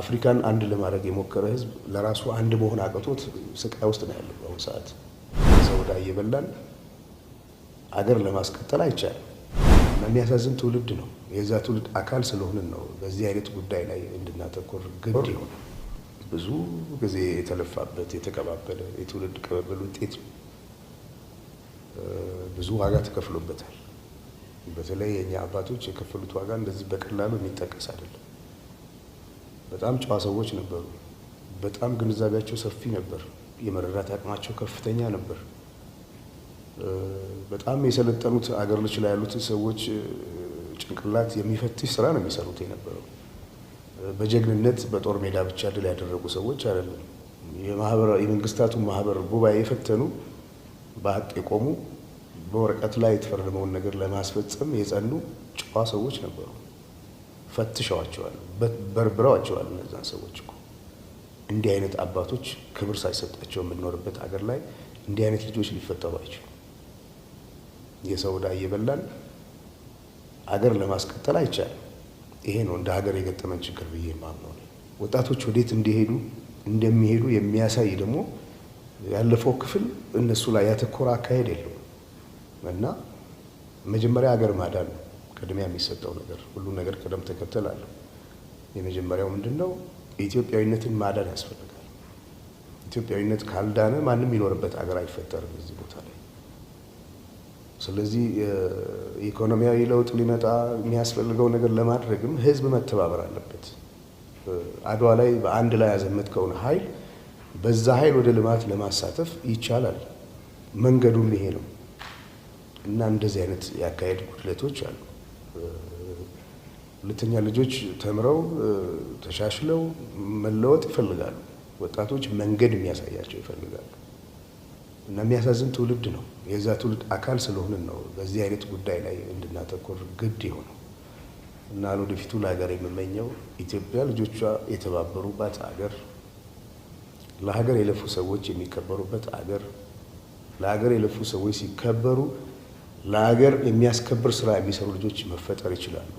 አፍሪካን አንድ ለማድረግ የሞከረ ህዝብ ለራሱ አንድ መሆን አቅቶት ስቃይ ውስጥ ነው ያለው። በአሁኑ ሰዓት ሰውዳ እየበላን አገር ለማስቀጠል አይቻልም እና የሚያሳዝን ትውልድ ነው። የዛ ትውልድ አካል ስለሆንን ነው በዚህ አይነት ጉዳይ ላይ እንድናተኮር ግድ ይሆን። ብዙ ጊዜ የተለፋበት የተቀባበለ የትውልድ ቅብብል ውጤት ነው። ብዙ ዋጋ ተከፍሎበታል። በተለይ የእኛ አባቶች የከፈሉት ዋጋ እንደዚህ በቀላሉ የሚጠቀስ አይደለም። በጣም ጨዋ ሰዎች ነበሩ። በጣም ግንዛቤያቸው ሰፊ ነበር። የመረዳት አቅማቸው ከፍተኛ ነበር። በጣም የሰለጠኑት አገር ልች ላይ ያሉት ሰዎች ጭንቅላት የሚፈትሽ ስራ ነው የሚሰሩት የነበረው። በጀግንነት በጦር ሜዳ ብቻ ድል ያደረጉ ሰዎች አይደለም። የመንግስታቱ ማህበር ጉባኤ የፈተኑ በሀቅ የቆሙ በወረቀት ላይ የተፈረመውን ነገር ለማስፈጸም የጸኑ ጨዋ ሰዎች ነበሩ። ፈትሸዋቸዋል፣ በርብረዋቸዋል። እነዛን ሰዎች እኮ እንዲህ አይነት አባቶች ክብር ሳይሰጣቸው የምንኖርበት አገር ላይ እንዲህ አይነት ልጆች ሊፈጠሩ አይችሉም። የሰው ዕዳ እየበላን አገር ለማስቀጠል አይቻልም። ይሄ ነው እንደ ሀገር የገጠመን ችግር ብዬ ማምነው። ወጣቶች ወዴት እንደሄዱ እንደሚሄዱ የሚያሳይ ደግሞ ያለፈው ክፍል እነሱ ላይ ያተኮረ አካሄድ የለውም እና መጀመሪያ ሀገር ማዳን ነው። ቅድሚያ የሚሰጠው ነገር ሁሉ ነገር ቅደም ተከተል አለው። የመጀመሪያው ምንድን ነው? ኢትዮጵያዊነትን ማዳን ያስፈልጋል። ኢትዮጵያዊነት ካልዳነ ማንም ይኖርበት አገር አይፈጠርም እዚህ ቦታ ላይ። ስለዚህ ኢኮኖሚያዊ ለውጥ ሊመጣ የሚያስፈልገው ነገር ለማድረግም ህዝብ መተባበር አለበት። አድዋ ላይ በአንድ ላይ ያዘመትከውን ኃይል በዛ ኃይል ወደ ልማት ለማሳተፍ ይቻላል። መንገዱም ይሄ ነው እና እንደዚህ አይነት ያካሄድ ጉድለቶች አሉ። ሁለተኛ ልጆች ተምረው ተሻሽለው መለወጥ ይፈልጋሉ። ወጣቶች መንገድ የሚያሳያቸው ይፈልጋሉ እና የሚያሳዝን ትውልድ ነው። የዛ ትውልድ አካል ስለሆንን ነው በዚህ አይነት ጉዳይ ላይ እንድናተኮር ግድ የሆነው እና ለወደፊቱ ለሀገር የምመኘው ኢትዮጵያ ልጆቿ የተባበሩባት አገር፣ ለሀገር የለፉ ሰዎች የሚከበሩበት አገር፣ ለሀገር የለፉ ሰዎች ሲከበሩ ለሀገር የሚያስከብር ስራ የሚሰሩ ልጆች መፈጠር ይችላሉ።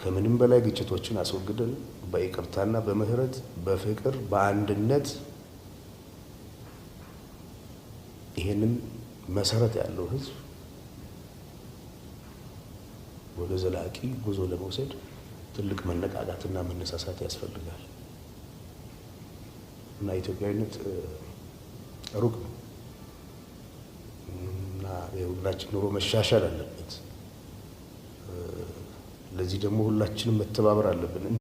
ከምንም በላይ ግጭቶችን አስወግደን በይቅርታና በምህረት በፍቅር በአንድነት ይህንን መሰረት ያለው ህዝብ ወደ ዘላቂ ጉዞ ለመውሰድ ትልቅ መነቃቃትና መነሳሳት ያስፈልጋል እና ኢትዮጵያዊነት ሩቅ ነው። የሁላችን ኑሮ መሻሻል አለበት። ለዚህ ደግሞ ሁላችንም መተባበር አለብን።